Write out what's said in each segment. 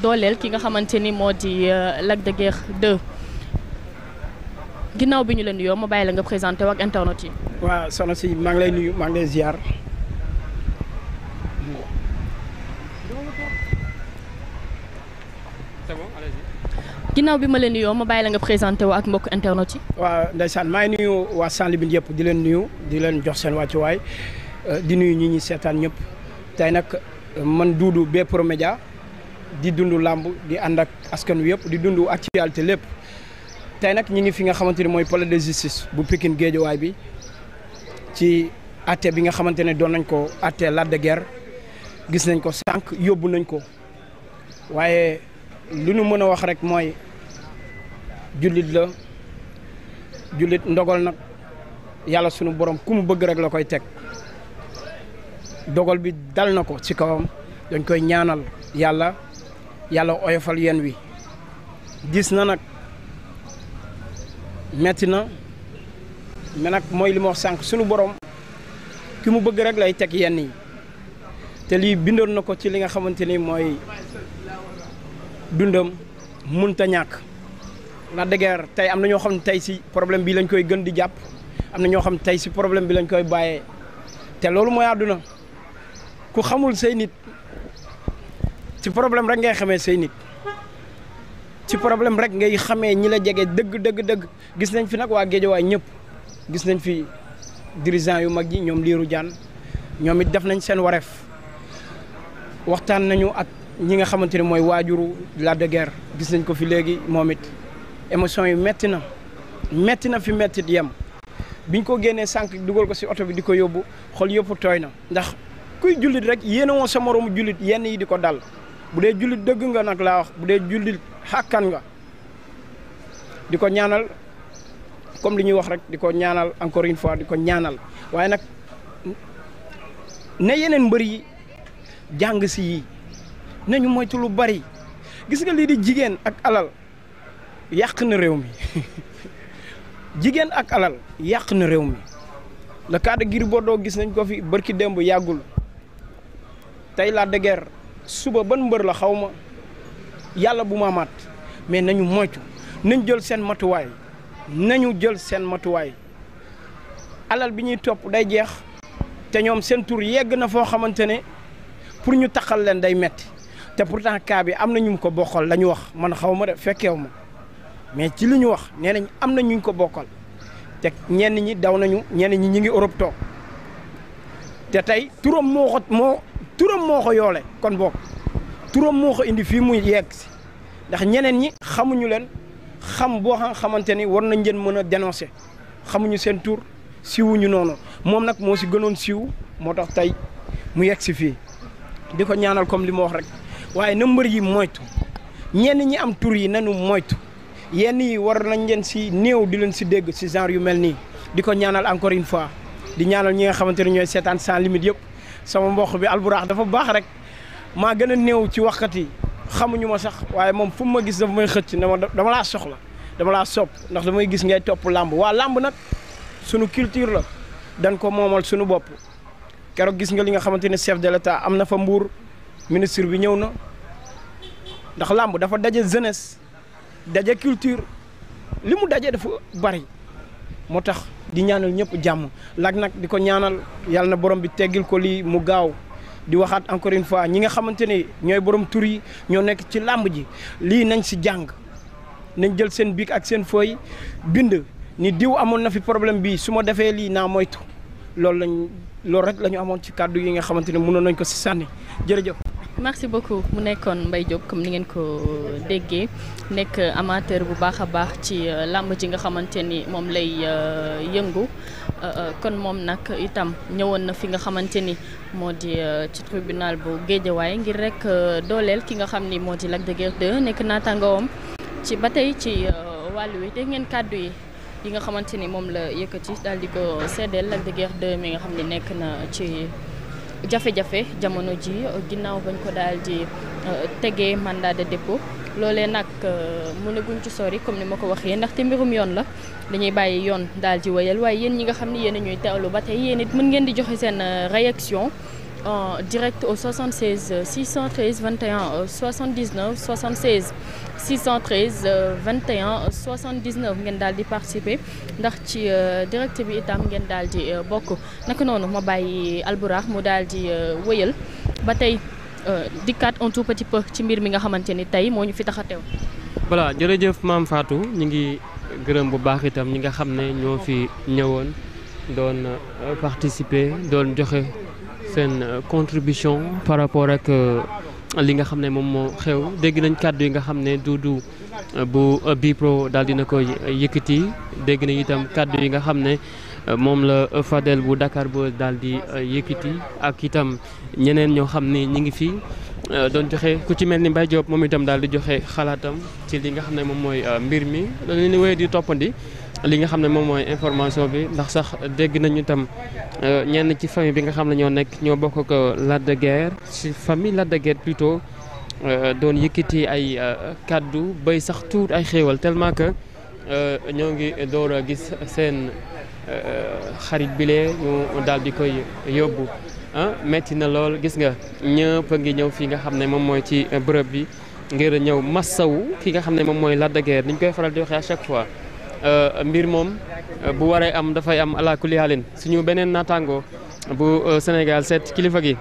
dooleel ki nga xamante ni moo di euh, Lac de Guiers 2 ginnaaw bi ñu leen nuyoo ma bàyyi la nga présenté ak internet yi. waa soxna si maa ngi lay nuyu maa ngi lay ziar. ginnaaw bi ma leen nuyoo ma bàyyi la nga présenté woo ak mbokk internet yi. waaw ndeysaan maa ngi nuyu waa Sans Limites yëpp di leen nuyu di leen jox seen wàccuwaay euh, di nuyu ñi ñu seetaan ñëpp tey nag euh, man Doudou B Promedia di dund làmb di ànd ak askan wi yëpp di dund actualité lépp tey nag ñi ngi fi nga xamante ni mooy palais de justice bu Pikine Géejawaay bi ci atte bi nga xamante ne doon nañ ko atte Lac deger gis nañ ko sànq yóbbu nañ ko waaye lu ñu mën a wax rek mooy jullit la jullit ndogal nag yàlla sunu borom ku mu bëgg rek la koy teg dogal bi dal na ko ci kawam dañ koy ñaanal yàlla yàlla oyofal yeen wi diis na nag metti na mais nag mooy li ma wax sànq sunu borom ki mu bëgg rek lay teg yenn yi te lii bindoon na ko ci li nga xamante ni mooy dundam munta ñàkk. la dëgër tey am na ñoo xam ne tey si problème bi lañ koy gën di jàpp am na ñoo xam ne tey si problème bi lañ koy bàyyee te loolu mooy àdduna ku xamul say nit ci problème rek ngay xamee say nit ci problème rek ngay xamee ñi la jege dëgg dëgg dëgg gis nañ fi nag waa Géejawaay ñëpp gis nañ fi dirigeant yu mag yi ñoom liiru jaan ñoom it def nañ seen wareef waxtaan nañu ak ñi nga xamante ne mooy waajuru la de gis nañ ko fi léegi moom it émotion yi metti na metti na fi mettit yem biñ ko génnee sànq dugal ko si oto bi di ko yóbbu xool yëpp tooy na ndax kuy jullit rek yéen a woon sa moromu jullit yenn yi di ko dal bu dee jullit dëgg nga nag laa wax bu dee jullit xàkkan nga di ko ñaanal comme li ñuy wax rek di ko ñaanal encore une fois di ko ñaanal waaye nag na yeneen mbër yi jàng si yi nañu moytu lu bari gis nga lii di jigéen ak alal yàq na réew mi jigéen ak alal yàq na réew mi la cas de Gris Bordeaux gis nañ ko fi bërki démb yàggul tey la de guerre suba ban mbër la xaw ma yàlla bu ma mat mais nañu moytu nañ jël seen matuwaay nañu jël seen matuwaay alal bi ñuy topp day jeex te ñoom seen tur yegg na foo xamante ne pour ñu taxal leen day metti te pourtant cas bi am na ñu ko bokkal la ñu wax man xaw ma fekkewuma fekkeew mais ci li ñu wax nee nañ am na ñu ko bokkal te ñenn ñi daw nañu ñenn ñi ñi ngi Europe toog te tey turam moo xot moo turam moo yoole kon boog turam moo indi fii muy yegg si ndax ñeneen ñi xamuñu leen xam boo xam xamante ni war nañ leen mën a dénoncer xamuñu seen tur siwuñu noonu moom nag moo si gënoon siw moo tax tey mu yegg si fii di ko ñaanal comme li ma wax rek waaye na mbër yi moytu ñenn ñi am tur yi nanu moytu yenn yi war nañ leen si néew di leen si dégg si genre yu mel nii di ko ñaanal encore une fois di ñaanal ñi nga xamante ne ñooy seetaan sans limite yëpp sama mboq bi alburaax dafa baax rek maa gën a néew ci waxkat yi xamuñu ma sax waaye moom fu ma gis dafa may xëcc dama dama laa soxla dama laa sopp ndax damay gis ngay topp làmb waa làmb nag sunu culture la dañ ko moomal sunu bopp keroog gis nga li nga xamante ne chef de l'État am na fa mbuur ministre bi ñëw na ndax làmb dafa daje jeunesse daje culture li mu daje dafa bari moo tax di ñaanal ñëpp jàmm Lac nag di ko ñaanal yàlla na borom bi teggil ko lii mu gaaw di waxaat encore une fois ñi nga xamante ne ñooy borom turi yi ñoo nekk ci làmb ji lii nañ si jàng nañ jël seen biig ak seen feuille bind ni diw amoon na fi problème bi su ma defee lii naa moytu loolu lañ loolu rek la ñu amoon ci kàddu yi nga xamante ne mënoon nañ ko si sànni jërëjëf. merci beaucoup mu nekkoon Mbaye Diop comme ni ngeen ko déggee nekk amateur bu baax a baax ci euh, làmb ji nga xamante ni moom lay euh, yëngu euh, kon moom nag itam ñëwoon na fi nga xamante ni moo di ci tribunal bu Géejawaay ngir rek dooleel ki nga xam ni moo di Lac de Guiers 2 nekk ci ba tey ci wàll wi dégg ngeen kàddu yi. yi nga xamante ni moom la yëkkati daal di ko seddeel Lac de Guiers 2 mi nga xam ne nekk na ci. jafe-jafe jamono ji ginnaaw bañ ko daal di euh, tegee mandat de dépôt loolee nag euh, mu ne guñ ci sori comme ni ma ko waxee ndax te mbirum yoon la dañuy bàyyi yoon daal di wéyal waaye yéen ñi nga xam ne yéen a ñuy teewlu ba tey yéen it mën ngeen di joxe seen euh, réaction en direct au 76 613 21 79 76 613 21 79 ngeen daal di participer ndax ci euh, direct bi itam ngeen daal di euh, bokk naka noonu ma bàyyi Alburax mu daal di euh, wëyal ba tey dikkaat un tout petit peu ci mbir mi nga xamante ni tey moo ñu fi tax a teew. voilà jërëjëf maam Fatou ñu ngi gërëm bu baax itam ñi nga xam ne ñoo fi ñëwoon doon participer doon joxe. seen euh, contribution par rapport ak euh, li nga xam ne moom moo xew dégg nañ kàddu yi nga xam ne du du euh, bu Bipro daal dina ko yëkkati dégg nañ itam kàddu yi nga xam ne moom la Fadel bu Dakar Buzz daal di yëkkati ak itam ñeneen ñoo xam ne ñu ngi fi doon joxe ku ci mel ni Mbaye Diop moom itam daal di joxe xalaatam ci li nga xam ne moom mooy mbir mi dañu leen di di toppandi. li nga xam ne moom mooy information bi ndax sax dégg nañu tam euh, ñenn ci famille bi nga xam ne ñoo nekk ñoo bokk ko euh, Lac de Guiers ci famille Lac de Guiers plutôt euh, doon yëkkati ay kàddu bay sax tuur ay xéewal tellement que ñoo ngi door a gis seen xarit bile ñu daal di koy yóbbu ah metti na lool gis nga ñëpp a ngi ñëw fii nga xam ne moom mooy ci bërëb bi ngir ñëw massawu ki nga xam ne moom mooy Lac de Guiers niñ koy faral di waxee à chaque fois Euh, mbir moom euh, bu waree am dafay am ala suñu beneen naataango bu euh, Sénégal seet kilifa gi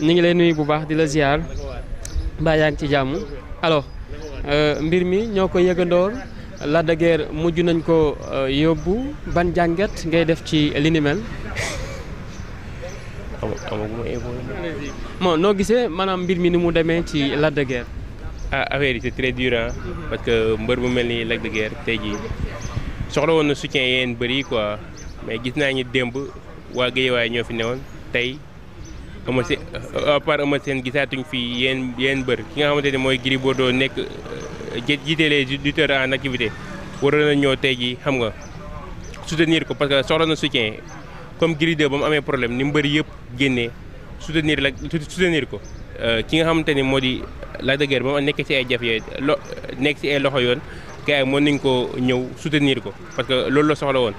ñu ngi lay nuyu bu baax di la ziar mbaa yaa ngi ci jàmm alo mbir mi ñoo ko yëgandoor Lac de mujj nañ ko yóbbu ban jàngat ngay def ci linimel ni noo gisee maanaam mbir mi ni mu demee ci Lac de Guiers. ah affaire yi c'est très que mbër bu mel ni Lac de Guiers jii. soxla woon na soutien yeen bëri quoi mais gis naa ñu démb waa waaye ñoo fi newoon tey ama seen euh, à part ama seen gisaatuñ fi bër ki nga xamante ne mooy Gris Bordeaux nekk euh, jiite les lutteurs en activité waroon ñëw tey ji xam nga soutenir ko parce que soxla na soutien comme Gris 2 ba mu amee problème ni mu mbëri yëpp génnee soutenir la soutenir ko euh, ki nga xamante ne moo di la de Guiers ba mu nekkee ci ay jafe lo nekk si ay loxo yoon gars yi mën nañ ko ñëw soutenir ko parce que loolu la soxla woon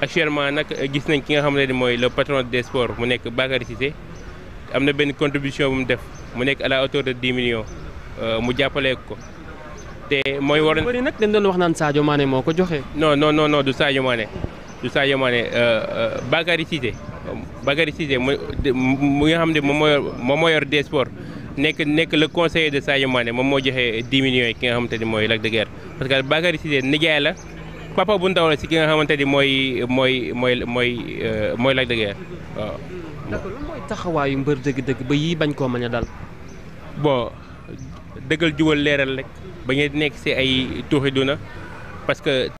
actuellement nag euh, gis nañ ki nga xam ne ni mooy le patron des sports mu nekk Bakary Cissé am na benn contribution bu mu def mu nekk à la hauteur de 10 millions euh, mu jàppaleeku ko te mooy waroon bëri nag dañ doon wax naan Sadio Mané moo ko joxe. non non no non du Sadio Mané du Sadio Mané euh, Bakary Cissé Bakary Cissé mu nga xam ne moom moo yor moom moo yor des sports nekk nekk le conseiller de Sadio Mané moom moo joxe 10 millions yi ki nga xamante ni mooy Lac de Guiers parce que Bakary Cissé nijaay la papa bu ndaw la si ki nga xamante ni mooy mooy mooy mooy euh, mooy Lac de mooy taxawaayu mbër dëgg-dëgg ba yii bañ koo mën a dal. bon dëggal jubal leeral rek ba ñu nekk si ay tuuxi duna parce que.